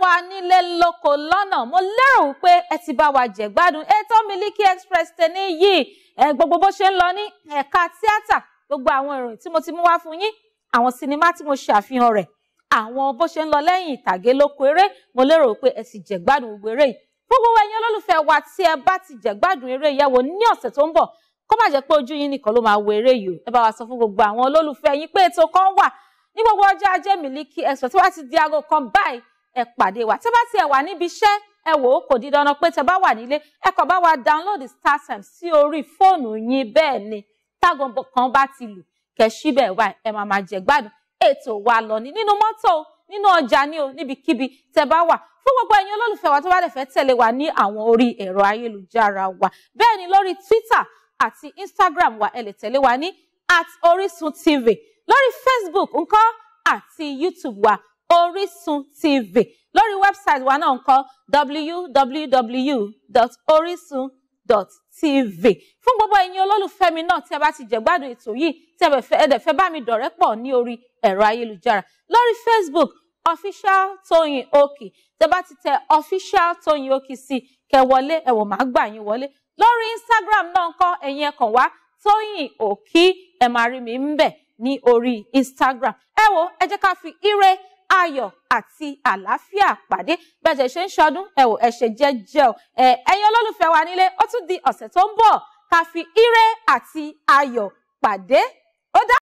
wa nílé lóko lọ́nà mo lérò pé ẹ ti bá wa jẹ̀gbádùn ètò Miliki Express tẹ̀lé yìí gbogbo bó ṣe ń lọ ní ẹ̀ka tíátà gbogbo àwọn ìròyìn tí mo ti mú wá fún yín àwọn sinimá tí mo ṣe àfihàn rẹ̀ àwọn bó ṣe ń lọ lẹ́yìn ìtàgé lóko eré mo lérò pé ẹ ti jẹ̀gbádùn gbogbo eré yìí gbogbo ẹ̀yin olólùfẹ́ wa tí ẹ bá ti jẹ̀gbádùn eré yẹ̀wò ní ọ̀sẹ̀ tó ń bọ̀ kó má jẹ́ pé ojú yín nìkan ló máa wo eré yìí ẹ bá wa sọ fún gbogbo àwọn olólùfẹ́ yín pé ètò kan wà ní gbogbo ọjọ́ ajé Miliki Express tí wọ́n ti di aago kan báyìí ẹ pàdé wa tẹ́ bá tiẹ̀ wà níbi iṣẹ́ ẹ wò ó kò di dandan pé tẹ́ bá wà nílé ẹ kàn bá wa download StarTimes sí orí fóònù yín bẹ́ẹ̀ ni tágo kan bá ti lù kẹ́ síbẹ̀ wá ẹ máa máa jẹ gbádùn ètò wa lọ ni nínú mọ́tò o nínú ọjà ni o níbikíbi tẹ́ bá wà fún gbogbo ẹ̀yin olólùfẹ́ wa tó bá lè tẹ̀lé wa ní àwọn orí ẹ̀rọ ayélujára wa bẹ́ẹ̀ ni lórí Twitter àti Instagram wa ẹ lè tẹ̀lé wa ní at Orisun TV lórí Facebook ńkọ́ àti YouTube wa Orísun TV lórí website wa náà ń kọ www.orisun.tv fún gbogbo ẹ̀yin olólùfẹ́ mi náà tí ẹ bá ti jẹ̀gbádùn ètò yìí tí ẹ bá mi dọ̀rẹ́ pọ̀ ní orí ẹ̀rọ ayélujára lórí Facebook official Tóyìn Òkì tẹ bá ti tẹ official Tóyìn Òkì sí kẹ wọlé ẹ̀wọ̀n máa gbà yín wọlé lórí Instagram náà ń kọ ẹ̀yin ẹ̀kàn wá Tóyìn Òkì ẹ̀ máa rí mi ń bẹ̀ ní orí Instagram ẹ wo ẹ jẹ́ ká fi ire ayọ̀ àti àlàáfíà pàdé gbẹ̀jẹ̀ ṣe ń ṣọdún ẹ wò ẹ ṣe jẹ́jẹ́ o ẹ̀yin olólùfẹ́ wa nílé ó tún di ọ̀sẹ̀ tó ń bọ̀ ká fi ire àti ayọ̀ pàdé ó dá.